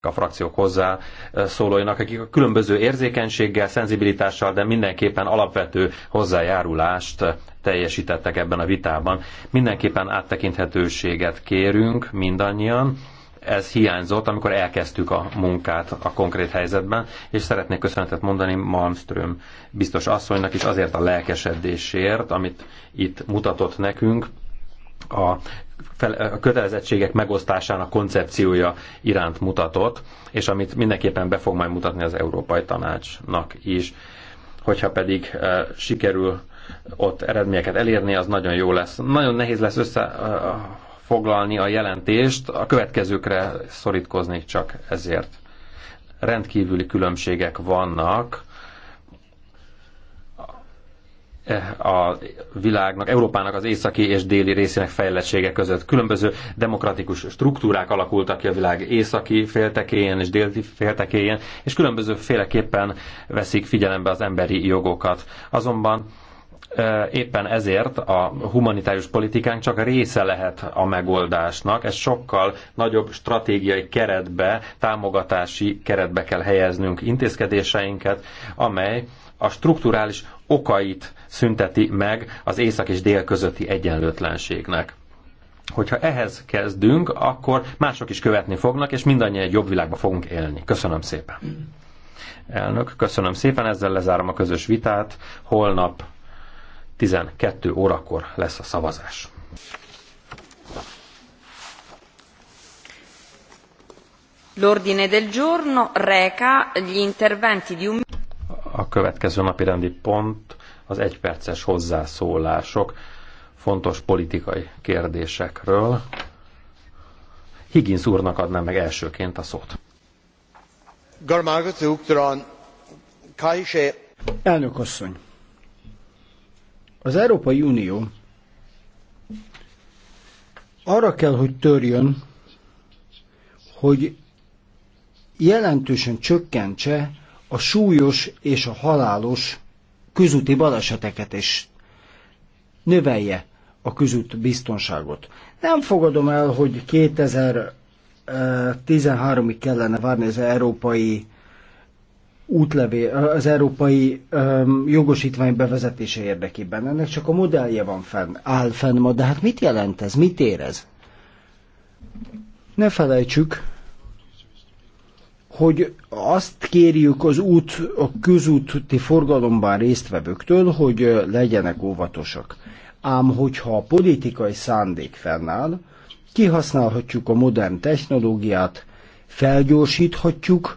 a frakciók hozzá szólóinak, akik a különböző érzékenységgel, szenzibilitással, de mindenképpen alapvető hozzájárulást teljesítettek ebben a vitában. Mindenképpen áttekinthetőséget kérünk mindannyian. Ez hiányzott, amikor elkezdtük a munkát a konkrét helyzetben, és szeretnék köszönetet mondani Malmström biztos asszonynak is azért a lelkesedésért, amit itt mutatott nekünk, a a kötelezettségek megosztásának koncepciója iránt mutatott, és amit mindenképpen be fog majd mutatni az Európai Tanácsnak is. Hogyha pedig eh, sikerül ott eredményeket elérni, az nagyon jó lesz. Nagyon nehéz lesz összefoglalni eh, a jelentést, a következőkre szorítkoznék csak ezért. Rendkívüli különbségek vannak a világnak, Európának az északi és déli részének fejlettsége között. Különböző demokratikus struktúrák alakultak ki a világ északi féltekéjén és déli féltekéjén, és különböző féleképpen veszik figyelembe az emberi jogokat. Azonban éppen ezért a humanitárius politikánk csak része lehet a megoldásnak, ez sokkal nagyobb stratégiai keretbe, támogatási keretbe kell helyeznünk intézkedéseinket, amely a strukturális okait szünteti meg az észak és dél közötti egyenlőtlenségnek. Hogyha ehhez kezdünk, akkor mások is követni fognak, és mindannyian egy jobb világba fogunk élni. Köszönöm szépen. Elnök, köszönöm szépen, ezzel lezárom a közös vitát. Holnap 12 órakor lesz a szavazás. L'ordine del giorno reca gli interventi di un... A következő napi rendi pont az egyperces hozzászólások fontos politikai kérdésekről. Higgins úrnak adnám meg elsőként a szót. Elnök asszony! Az Európai Unió arra kell, hogy törjön, hogy jelentősen csökkentse a súlyos és a halálos közúti baleseteket, és növelje a közút biztonságot. Nem fogadom el, hogy 2013-ig eh, kellene várni az európai útlevél, az európai um, jogosítvány bevezetése érdekében. Ennek csak a modellje van fenn, áll fenn ma, de hát mit jelent ez, mit érez? Ne felejtsük, hogy azt kérjük az út, a közúti forgalomban résztvevőktől, hogy legyenek óvatosak. Ám hogyha a politikai szándék fennáll, kihasználhatjuk a modern technológiát, felgyorsíthatjuk,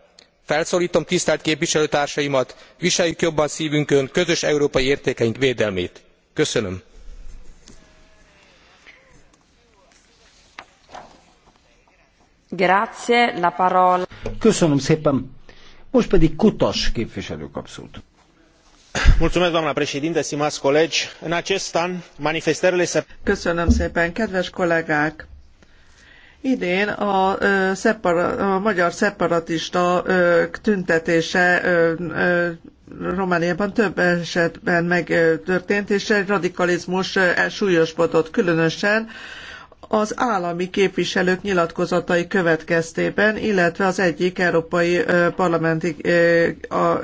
felszóltom tisztelt képviselőtársaimat viseljük jobban szvünkön közös európai értékeink védelmét. köszönöm. Köszönöm szépen. Most pedig Kutas képviselő kap szót. Köszönöm szépen, kedves kollégák! Idén a, szepara, a magyar szeparatista tüntetése Romániában több esetben megtörtént, és egy radikalizmus súlyosbodott, különösen az állami képviselők nyilatkozatai következtében, illetve az egyik európai parlamenti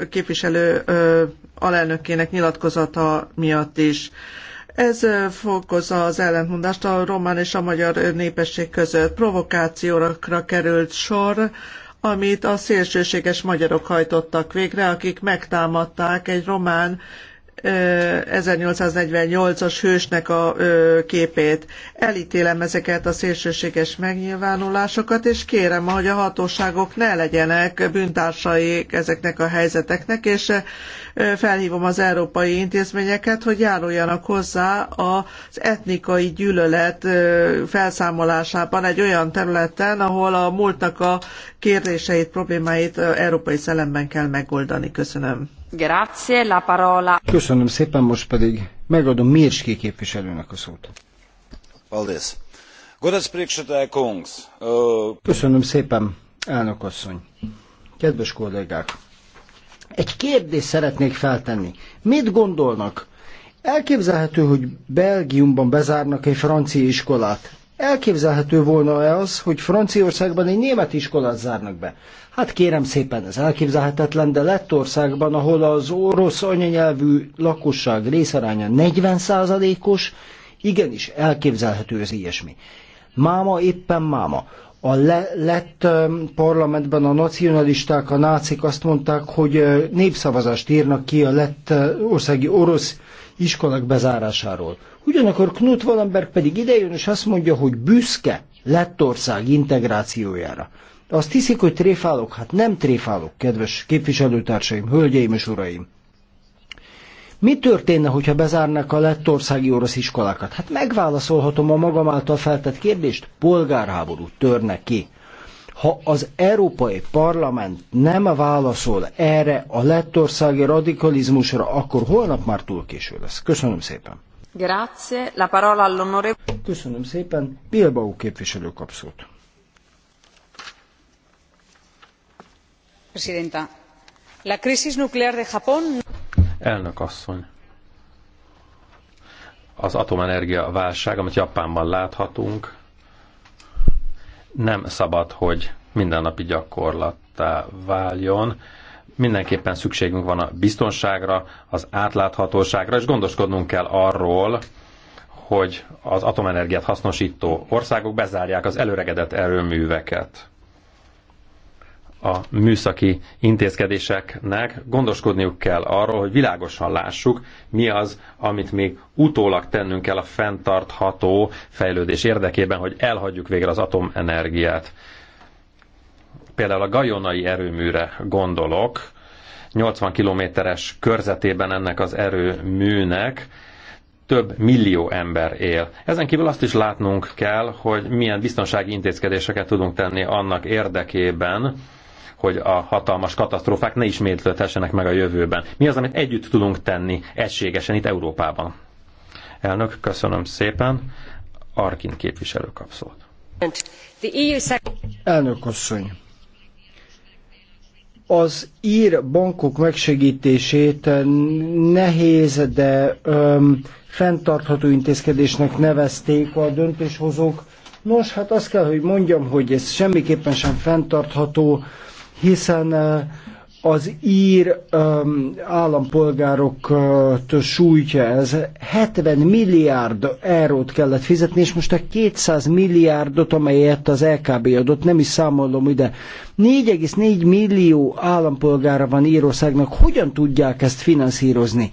képviselő alelnökének nyilatkozata miatt is. Ez fokozza az ellentmondást a román és a magyar népesség között. Provokációra került sor, amit a szélsőséges magyarok hajtottak végre, akik megtámadták egy román 1848-as hősnek a képét. Elítélem ezeket a szélsőséges megnyilvánulásokat, és kérem, hogy a hatóságok ne legyenek bűntársai ezeknek a helyzeteknek, és felhívom az európai intézményeket, hogy járuljanak hozzá az etnikai gyűlölet felszámolásában egy olyan területen, ahol a múltnak a kérdéseit, problémáit európai szellemben kell megoldani. Köszönöm. Grazie, la parola. Köszönöm szépen, most pedig megadom Mirski képviselőnek a szót. Paldies. Godac Köszönöm szépen, elnök asszony. Kedves kollégák! Egy kérdést szeretnék feltenni. Mit gondolnak? Elképzelhető, hogy Belgiumban bezárnak egy francia iskolát. Elképzelhető volna-e az, hogy Franciaországban egy német iskolát zárnak be? Hát kérem szépen, ez elképzelhetetlen, de Lettországban, ahol az orosz anyanyelvű lakosság részaránya 40%-os, igenis elképzelhető az ilyesmi. Máma éppen máma. A lett parlamentben a nacionalisták, a nácik azt mondták, hogy népszavazást írnak ki a lett országi orosz iskolák bezárásáról. Ugyanakkor Knut Wallenberg pedig idejön, és azt mondja, hogy büszke Lettország integrációjára. Azt hiszik, hogy tréfálok? Hát nem tréfálok, kedves képviselőtársaim, hölgyeim és uraim. Mi történne, hogyha bezárnak a lettországi orosz iskolákat? Hát megválaszolhatom a magam által feltett kérdést, polgárháború törne ki. Ha az Európai Parlament nem válaszol erre a lettországi radikalizmusra, akkor holnap már túl késő lesz. Köszönöm szépen. Grazie. La parola all'onore. Köszönöm szépen. Bilbao képviselő kapszót. Presidenta, la crisis nuclear de Japón Elnök asszony, az atomenergia válság, amit Japánban láthatunk, nem szabad, hogy mindennapi gyakorlattá váljon. Mindenképpen szükségünk van a biztonságra, az átláthatóságra, és gondoskodnunk kell arról, hogy az atomenergiát hasznosító országok bezárják az előregedett erőműveket a műszaki intézkedéseknek gondoskodniuk kell arról, hogy világosan lássuk, mi az, amit még utólag tennünk kell a fenntartható fejlődés érdekében, hogy elhagyjuk végre az atomenergiát. Például a gajonai erőműre gondolok, 80 kilométeres körzetében ennek az erőműnek, több millió ember él. Ezen kívül azt is látnunk kell, hogy milyen biztonsági intézkedéseket tudunk tenni annak érdekében, hogy a hatalmas katasztrófák ne ismétlődhessenek meg a jövőben. Mi az, amit együtt tudunk tenni egységesen itt Európában? Elnök, köszönöm szépen. Arkin képviselő kap szót. E Elnök asszony, az ír bankok megsegítését nehéz, de öm, fenntartható intézkedésnek nevezték a döntéshozók. Nos, hát azt kell, hogy mondjam, hogy ez semmiképpen sem fenntartható hiszen az ír um, állampolgárokat sújtja ez. 70 milliárd eurót kellett fizetni, és most a 200 milliárdot, amelyet az LKB adott, nem is számolom ide. 4,4 millió állampolgára van Írországnak. Hogyan tudják ezt finanszírozni?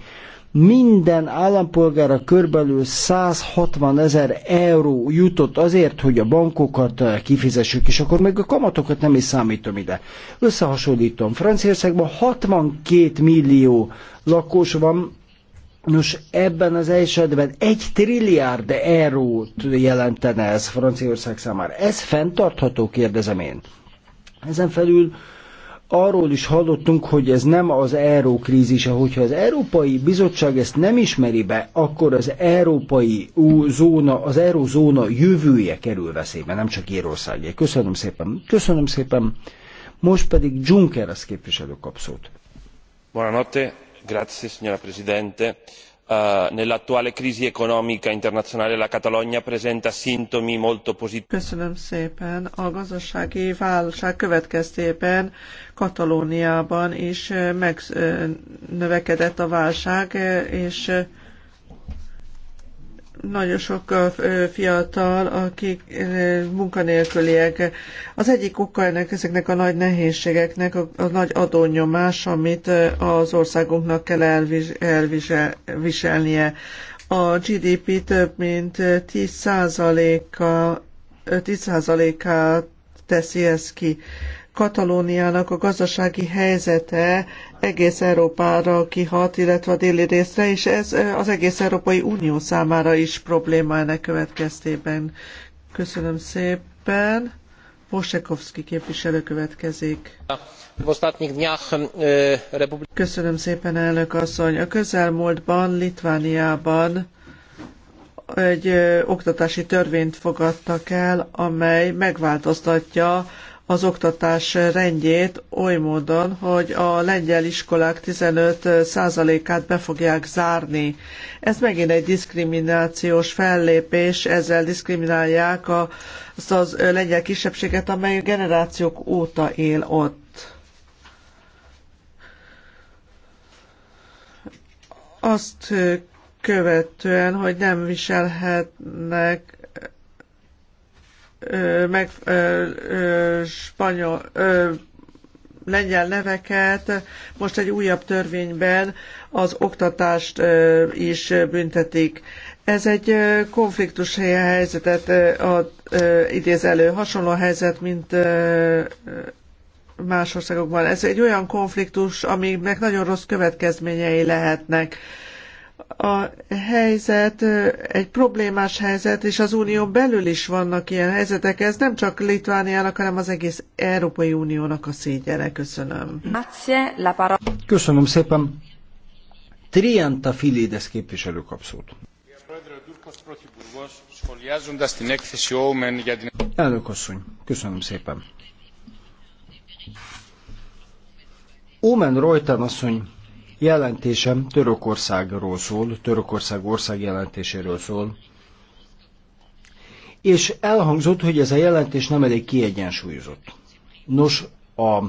minden állampolgára körbelül 160 ezer euró jutott azért, hogy a bankokat eh, kifizessük, és akkor még a kamatokat nem is számítom ide. Összehasonlítom, Franciaországban 62 millió lakos van, Nos, ebben az esetben egy trilliárd eurót jelentene ez Franciaország számára. Ez fenntartható, kérdezem én. Ezen felül arról is hallottunk, hogy ez nem az euró krízise. Hogyha az Európai Bizottság ezt nem ismeri be, akkor az európai zóna, az eurózóna jövője kerül veszélybe, nem csak Írországé. Köszönöm szépen. Köszönöm szépen. Most pedig Juncker az képviselő kapszót. Buonanotte, grazie signora Presidente. Eh, nell'attuale crisi economica internazionale la Catalogna presenta sintomi molto positivi. Köszönöm szépen. A gazdasági válság következtében Katalóniában is eh, megnövekedett eh, a válság, és nagyon sok fiatal, akik munkanélküliek. Az egyik oka ennek, ezeknek a nagy nehézségeknek a, a nagy adónyomás, amit az országunknak kell elviselnie. A GDP több mint 10%-a 10 teszi ezt ki. Katalóniának a gazdasági helyzete egész Európára kihat, illetve a déli részre, és ez az egész Európai Unió számára is probléma ennek következtében. Köszönöm szépen. Posekowski képviselő következik. E, Köszönöm szépen, elnök asszony. A közelmúltban Litvániában egy oktatási törvényt fogadtak el, amely megváltoztatja az oktatás rendjét oly módon, hogy a lengyel iskolák 15%-át be fogják zárni. Ez megint egy diszkriminációs fellépés, ezzel diszkriminálják a, azt az lengyel kisebbséget, amely generációk óta él ott. Azt követően, hogy nem viselhetnek meg ö, ö, spanyol, ö, lengyel neveket, most egy újabb törvényben az oktatást ö, is büntetik. Ez egy konfliktus helyzetet ad, idéz elő, hasonló helyzet, mint más országokban. Ez egy olyan konfliktus, aminek nagyon rossz következményei lehetnek a helyzet egy problémás helyzet, és az unión belül is vannak ilyen helyzetek. Ez nem csak Litvániának, hanem az egész Európai Uniónak a szégyene. Köszönöm. Köszönöm szépen. Trianta Filides képviselő kapszót. Elnök asszony, köszönöm szépen. Omen Reuter asszony Jelentésem Törökországról szól, Törökország országjelentéséről szól, és elhangzott, hogy ez a jelentés nem elég kiegyensúlyozott. Nos, a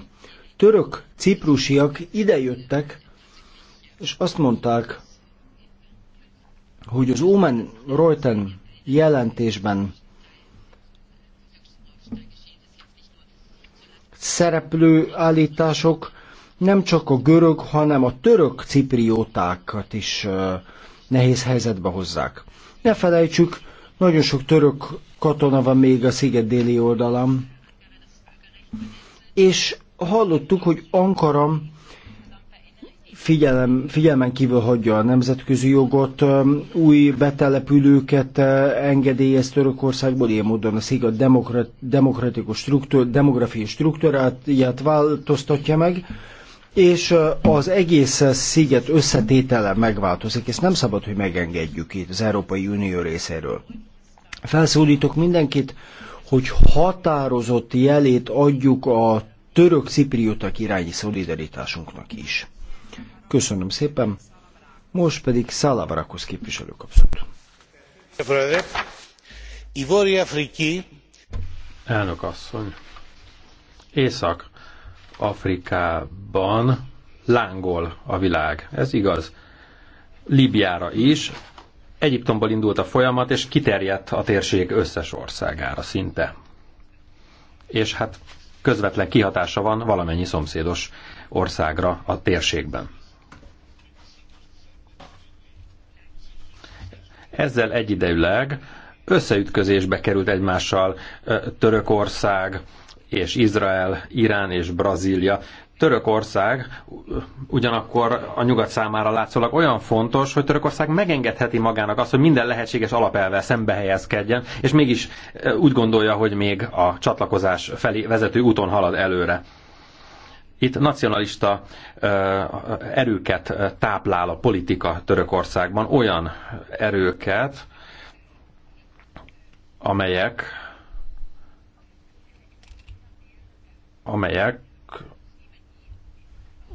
török ciprusiak idejöttek, és azt mondták, hogy az Omen Reuten jelentésben szereplő állítások nem csak a görög, hanem a török cipriótákat is nehéz helyzetbe hozzák. Ne felejtsük, nagyon sok török katona van még a sziget déli oldalán, és hallottuk, hogy Ankara figyelem, figyelmen kívül hagyja a nemzetközi jogot, új betelepülőket engedélyez Törökországból, ilyen módon a sziget demokrat, demokratikus struktúr, demográfiai struktúráját változtatja meg, és az egész sziget összetétele megváltozik, ezt nem szabad, hogy megengedjük itt az Európai Unió részéről. Felszólítok mindenkit, hogy határozott jelét adjuk a török cipriótak irányi szolidaritásunknak is. Köszönöm szépen, most pedig Szálavarakos képviselő kapszott. Elnök asszony, Észak Afrikában lángol a világ. Ez igaz. Libyára is. Egyiptomból indult a folyamat, és kiterjedt a térség összes országára szinte. És hát közvetlen kihatása van valamennyi szomszédos országra a térségben. Ezzel egyidejűleg összeütközésbe került egymással Törökország, és Izrael, Irán és Brazília. Törökország ugyanakkor a nyugat számára látszólag olyan fontos, hogy Törökország megengedheti magának azt, hogy minden lehetséges alapelvel szembe helyezkedjen, és mégis e, úgy gondolja, hogy még a csatlakozás felé vezető úton halad előre itt nacionalista e, erőket táplál a politika Törökországban, olyan erőket, amelyek amelyek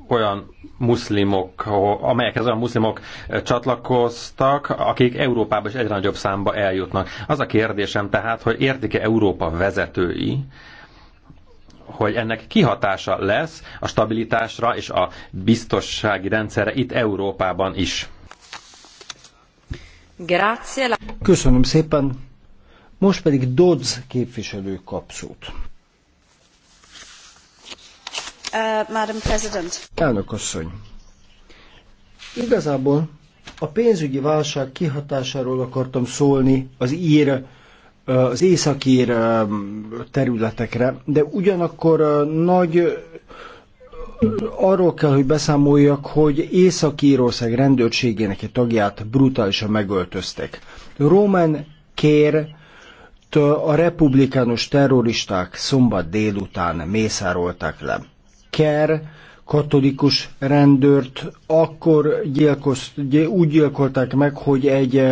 olyan muszlimok, amelyekhez olyan muszlimok csatlakoztak, akik Európába is egyre nagyobb számba eljutnak. Az a kérdésem tehát, hogy értik-e Európa vezetői, hogy ennek kihatása lesz a stabilitásra és a biztossági rendszerre itt Európában is. Köszönöm szépen. Most pedig Dodz képviselő kapszót. Uh, Elnök asszony, igazából a pénzügyi válság kihatásáról akartam szólni az ír uh, az északír uh, területekre, de ugyanakkor nagy arról kell, hogy beszámoljak, hogy Észak-Írország rendőrségének egy tagját brutálisan megöltöztek. Roman Kér a republikánus terroristák szombat délután mészárolták le. Kerr katolikus rendőrt akkor gyilkos, úgy gyilkolták meg, hogy egy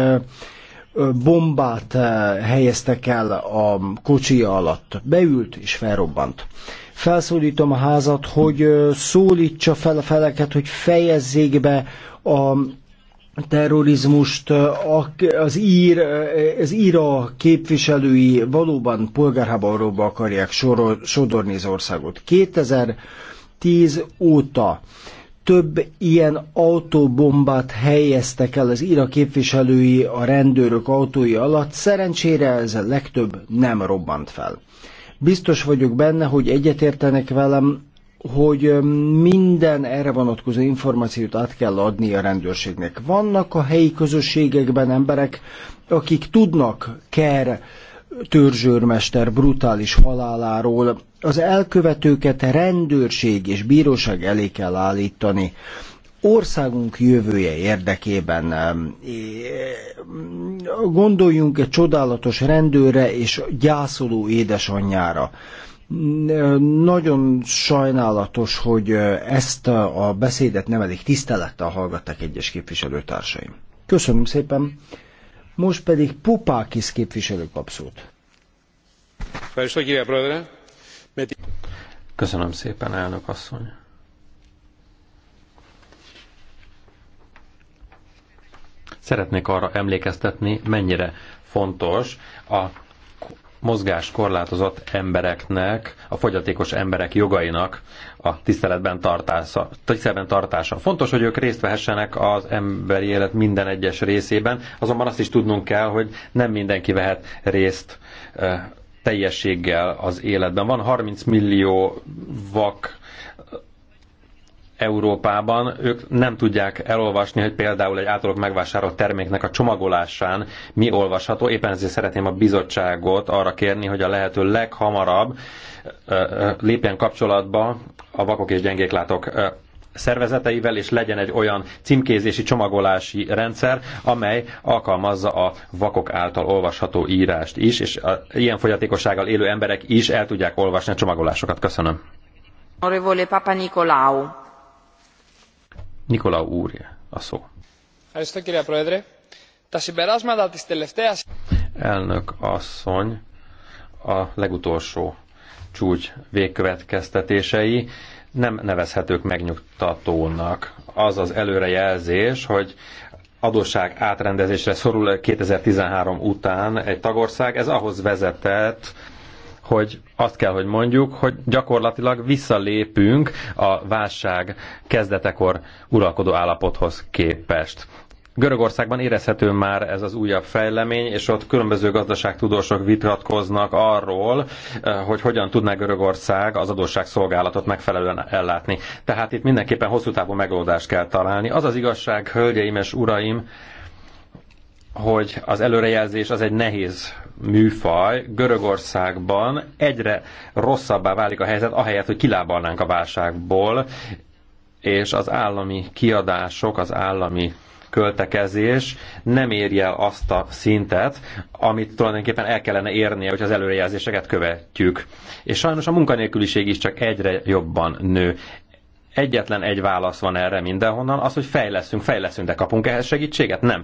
bombát helyeztek el a kocsija alatt. Beült és felrobbant. Felszólítom a házat, hogy szólítsa fel a feleket, hogy fejezzék be a terrorizmust az ír, az íra képviselői valóban polgárháborúba akarják sorol, sodorni az országot. 2010 óta több ilyen autóbombát helyeztek el az íra képviselői a rendőrök autói alatt, szerencsére ez a legtöbb nem robbant fel. Biztos vagyok benne, hogy egyetértenek velem, hogy minden erre vonatkozó információt át kell adni a rendőrségnek. Vannak a helyi közösségekben emberek, akik tudnak ker törzsőrmester brutális haláláról, az elkövetőket rendőrség és bíróság elé kell állítani országunk jövője érdekében gondoljunk egy csodálatos rendőre és gyászoló édesanyjára. Nagyon sajnálatos, hogy ezt a beszédet nem elég tisztelettel hallgatták egyes képviselőtársaim. Köszönöm szépen. Most pedig Pupákis képviselő kap szót. Köszönöm szépen, elnök asszony. Szeretnék arra emlékeztetni, mennyire fontos a korlátozott embereknek, a fogyatékos emberek jogainak a tiszteletben tartása. Tiszteletben tartása. Fontos, hogy ők részt vehessenek az emberi élet minden egyes részében, azonban azt is tudnunk kell, hogy nem mindenki vehet részt teljességgel az életben. Van 30 millió vak Európában ők nem tudják elolvasni, hogy például egy általuk megvásárolt terméknek a csomagolásán mi olvasható. Éppen ezért szeretném a bizottságot arra kérni, hogy a lehető leghamarabb lépjen kapcsolatba a vakok és látok szervezeteivel, és legyen egy olyan címkézési csomagolási rendszer, amely alkalmazza a vakok által olvasható írást is, és a ilyen fogyatékossággal élő emberek is el tudják olvasni a csomagolásokat. Köszönöm. Onorevole Papa Nicolau. Nikola úr a szó. Elnök asszony, a legutolsó csúcs végkövetkeztetései nem nevezhetők megnyugtatónak. Az az előrejelzés, hogy adósság átrendezésre szorul 2013 után egy tagország, ez ahhoz vezetett, hogy azt kell, hogy mondjuk, hogy gyakorlatilag visszalépünk a válság kezdetekor uralkodó állapothoz képest. Görögországban érezhető már ez az újabb fejlemény, és ott különböző gazdaságtudósok vitatkoznak arról, eh, hogy hogyan tudná Görögország az adósságszolgálatot megfelelően ellátni. Tehát itt mindenképpen hosszú távú megoldást kell találni. Az az igazság, hölgyeim és uraim, hogy az előrejelzés az egy nehéz műfaj. Görögországban egyre rosszabbá válik a helyzet, ahelyett, hogy kilábalnánk a válságból, és az állami kiadások, az állami költekezés nem éri el azt a szintet, amit tulajdonképpen el kellene érnie, hogy az előrejelzéseket követjük. És sajnos a munkanélküliség is csak egyre jobban nő. Egyetlen egy válasz van erre mindenhonnan, az, hogy fejleszünk, fejleszünk, de kapunk ehhez segítséget? Nem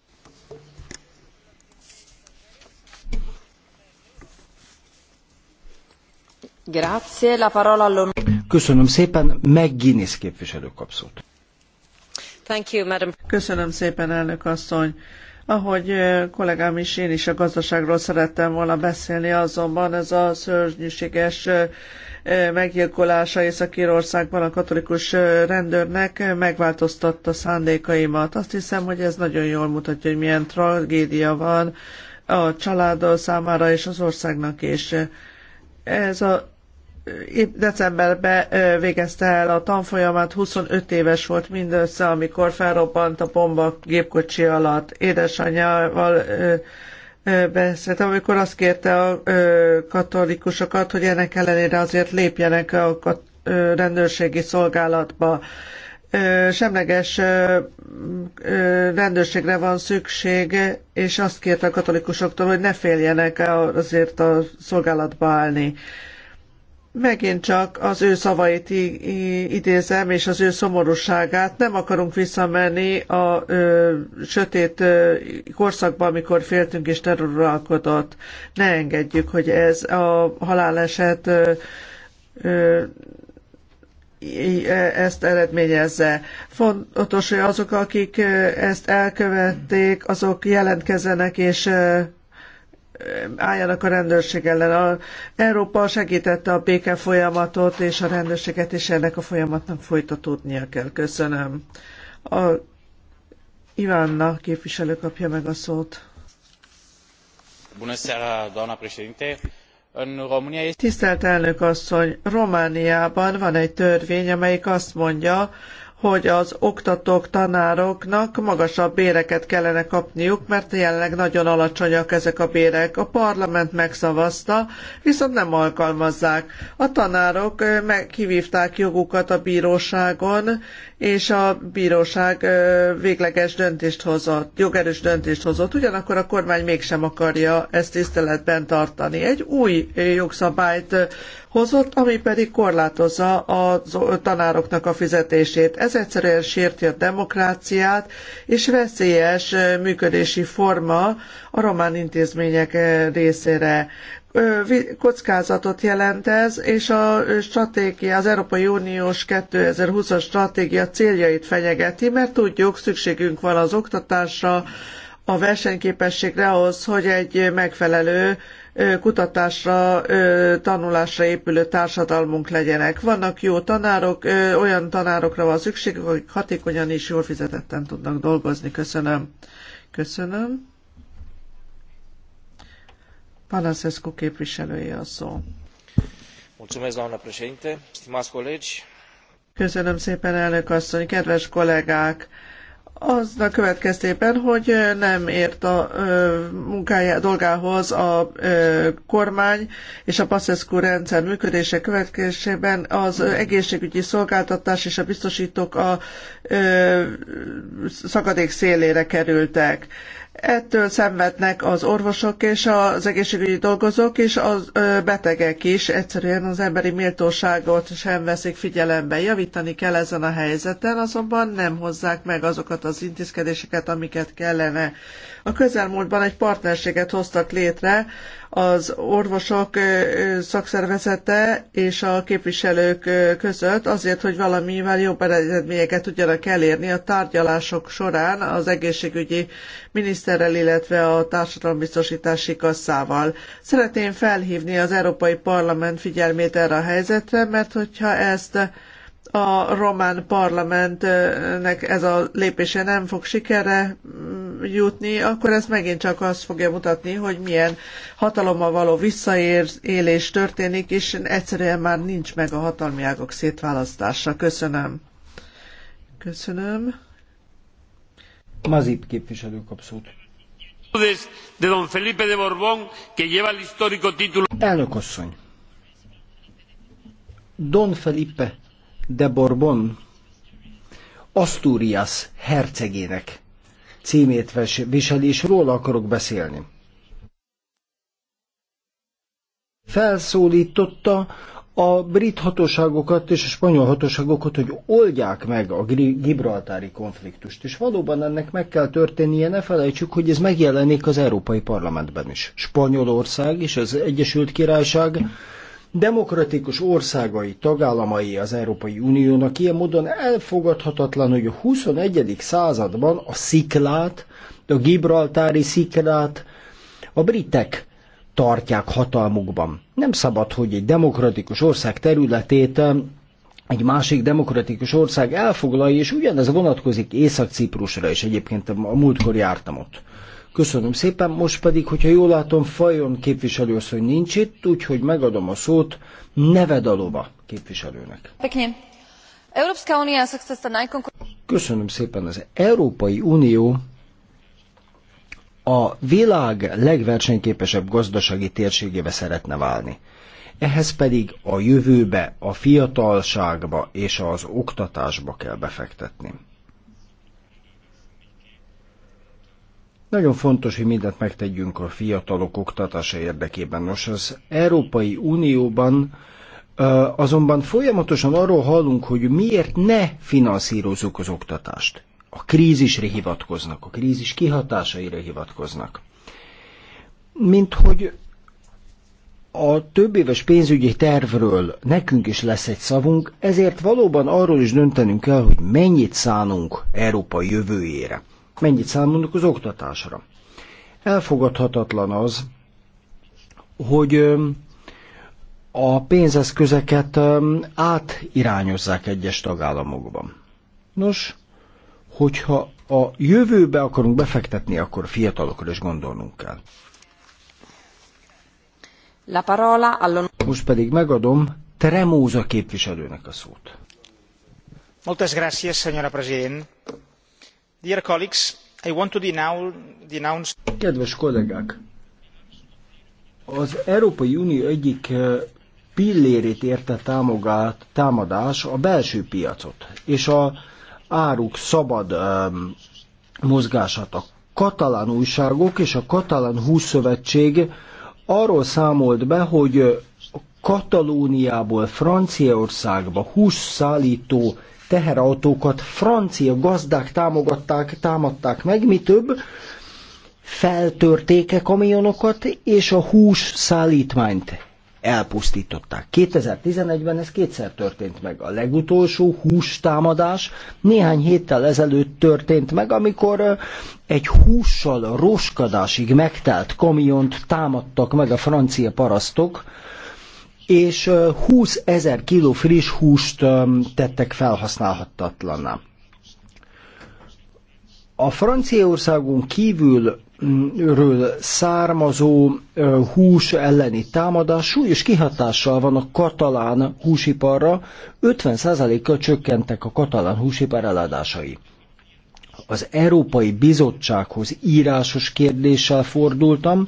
Grazie, la parola Köszönöm szépen, McGuinness képviselő kap Thank you, madam. Köszönöm szépen, elnök asszony. Ahogy kollégám is, én is a gazdaságról szerettem volna beszélni, azonban ez a szörnyűséges meggyilkolása Észak-Írországban a katolikus rendőrnek megváltoztatta szándékaimat. Azt hiszem, hogy ez nagyon jól mutatja, hogy milyen tragédia van a család számára és az országnak is ez a decemberben végezte el a tanfolyamát, 25 éves volt mindössze, amikor felrobbant a bomba gépkocsi alatt. Édesanyjával beszéltem, amikor azt kérte a katolikusokat, hogy ennek ellenére azért lépjenek a rendőrségi szolgálatba semleges rendőrségre van szükség, és azt kérte a katolikusoktól, hogy ne féljenek azért a szolgálatba állni. Megint csak az ő szavait idézem, és az ő szomorúságát. Nem akarunk visszamenni a ö, sötét ö, korszakba, amikor féltünk és terroralkodott. Ne engedjük, hogy ez a haláleset ö, E- ezt eredményezze. Fontos, hogy azok, akik e, ezt elkövették, azok jelentkezzenek és e, álljanak a rendőrség ellen. A Európa segítette a béke folyamatot és a rendőrséget, és ennek a folyamatnak folytatódnia kell. Köszönöm. A Ivánna képviselő kapja meg a szót. Bună doamna președinte. Tisztelt elnök asszony, Romániában van egy törvény, amelyik azt mondja, hogy az oktatók, tanároknak magasabb béreket kellene kapniuk, mert jelenleg nagyon alacsonyak ezek a bérek. A parlament megszavazta, viszont nem alkalmazzák. A tanárok kivívták jogukat a bíróságon, és a bíróság végleges döntést hozott, jogerős döntést hozott, ugyanakkor a kormány mégsem akarja ezt tiszteletben tartani. Egy új jogszabályt hozott, ami pedig korlátozza a tanároknak a fizetését. Ez egyszerűen sérti a demokráciát, és veszélyes működési forma a román intézmények részére kockázatot jelent ez, és a stratégia, az Európai Uniós 2020-as stratégia céljait fenyegeti, mert tudjuk, szükségünk van az oktatásra, a versenyképességre ahhoz, hogy egy megfelelő kutatásra, tanulásra épülő társadalmunk legyenek. Vannak jó tanárok, olyan tanárokra van szükség, akik hatékonyan és jól fizetetten tudnak dolgozni. Köszönöm. Köszönöm. Panaszescu képviselője a szó. Mulțumesc, doamnă președinte, stimați colegi. Köszönöm szépen, elnök asszony, kedves kollégák! a következtében, hogy nem ért a ö, munkájá, dolgához a ö, kormány és a Passzeszkú rendszer működése következtében az egészségügyi szolgáltatás és a biztosítók a ö, szakadék szélére kerültek. Ö, Ettől szenvednek az orvosok és az egészségügyi dolgozók és a betegek is. Egyszerűen az emberi méltóságot sem veszik figyelembe. Javítani kell ezen a helyzeten, azonban nem hozzák meg azokat az intézkedéseket, amiket kellene. A közelmúltban egy partnerséget hoztak létre az orvosok szakszervezete és a képviselők között azért, hogy valamivel jobb eredményeket tudjanak elérni a tárgyalások során az egészségügyi miniszterrel, illetve a társadalombiztosítási kasszával. Szeretném felhívni az Európai Parlament figyelmét erre a helyzetre, mert hogyha ezt a román parlamentnek ez a lépése nem fog sikerre mm, jutni, akkor ez megint csak azt fogja mutatni, hogy milyen hatalommal való visszaélés történik, és egyszerűen már nincs meg a hatalmi ágok szétválasztása. Köszönöm. Köszönöm. Mazip képviselő kapszót. De don Felipe de Borbón, que lleva el histórico título. Elnök asszony. Don Felipe de Bourbon Asturias hercegének címét viseli, és róla akarok beszélni. Felszólította a brit hatóságokat és a spanyol hatóságokat, hogy oldják meg a gibraltári konfliktust. És valóban ennek meg kell történnie, ne felejtsük, hogy ez megjelenik az Európai Parlamentben is. Spanyolország és az Egyesült Királyság demokratikus országai, tagállamai az Európai Uniónak ilyen módon elfogadhatatlan, hogy a 21. században a sziklát, a gibraltári sziklát a britek tartják hatalmukban. Nem szabad, hogy egy demokratikus ország területét egy másik demokratikus ország elfoglalja, és ugyanez vonatkozik Észak-Ciprusra, is. egyébként a múltkor jártam ott. Köszönöm szépen, most pedig, hogyha jól látom, Fajon képviselőasszony nincs itt, úgyhogy megadom a szót Nevedalova képviselőnek. Köszönöm szépen, az Európai Unió a világ legversenyképesebb gazdasági térségébe szeretne válni. Ehhez pedig a jövőbe, a fiatalságba és az oktatásba kell befektetni. Nagyon fontos, hogy mindent megtegyünk a fiatalok oktatása érdekében. Nos, az Európai Unióban azonban folyamatosan arról hallunk, hogy miért ne finanszírozzuk az oktatást. A krízisre hivatkoznak, a krízis kihatásaira hivatkoznak. Mint hogy a több éves pénzügyi tervről nekünk is lesz egy szavunk, ezért valóban arról is döntenünk kell, hogy mennyit szánunk Európa jövőjére mennyit számolunk az oktatásra. Elfogadhatatlan az, hogy a pénzeszközeket átirányozzák egyes tagállamokban. Nos, hogyha a jövőbe akarunk befektetni, akkor fiatalokra is gondolnunk kell. La parola allon... Most pedig megadom Tremóza képviselőnek a szót. Moltes gracias, señora presidente. Dear colleagues, I want to denounce... Kedves kollégák! Az Európai Unió egyik eh, pillérét érte támogát, támadás a belső piacot, és a áruk szabad um, mozgását. A katalán újságok és a katalán húszszövetség arról számolt be, hogy Katalóniából Franciaországba hússzállító szállító teherautókat francia gazdák támogatták, támadták meg, mi több, feltörték -e kamionokat, és a hús szállítmányt elpusztították. 2011-ben ez kétszer történt meg. A legutolsó hústámadás néhány héttel ezelőtt történt meg, amikor egy hússal roskadásig megtelt kamiont támadtak meg a francia parasztok, és 20 ezer kiló friss húst tettek felhasználhatatlanná. A Franciaországon kívül mm, ről származó hús elleni támadás súlyos kihatással van a katalán húsiparra, 50%-kal csökkentek a katalán húsipar eladásai. Az Európai Bizottsághoz írásos kérdéssel fordultam,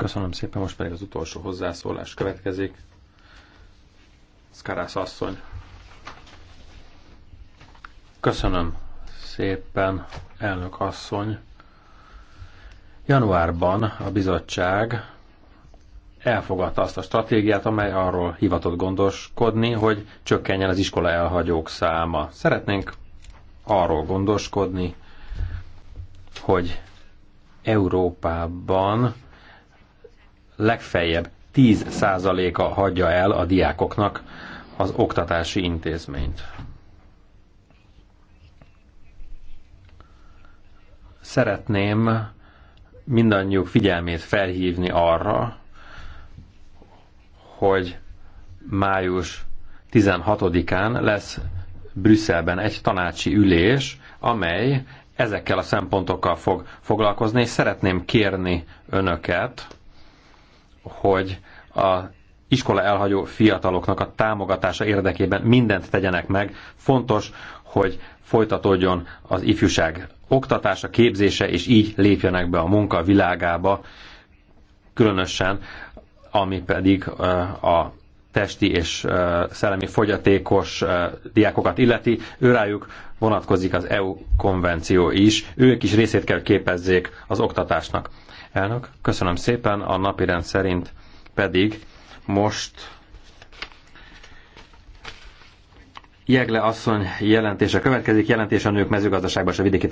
Köszönöm szépen, most pedig az utolsó hozzászólás következik. Szkarász asszony. Köszönöm szépen, elnök asszony. Januárban a bizottság elfogadta azt a stratégiát, amely arról hivatott gondoskodni, hogy csökkenjen az iskola elhagyók száma. Szeretnénk arról gondoskodni, hogy Európában legfeljebb 10%-a hagyja el a diákoknak az oktatási intézményt. Szeretném mindannyiuk figyelmét felhívni arra, hogy május 16-án lesz Brüsszelben egy tanácsi ülés, amely ezekkel a szempontokkal fog foglalkozni, és szeretném kérni önöket, hogy a iskola elhagyó fiataloknak a támogatása érdekében mindent tegyenek meg. Fontos, hogy folytatódjon az ifjúság oktatása, képzése, és így lépjenek be a munka világába, különösen ami pedig a testi és szellemi fogyatékos diákokat illeti, őrájuk vonatkozik az EU konvenció is, ők is részét kell képezzék az oktatásnak. Elnök, köszönöm szépen. A rend szerint pedig most Jegle asszony jelentése következik, jelentés a nők mezőgazdaságban és a vidéki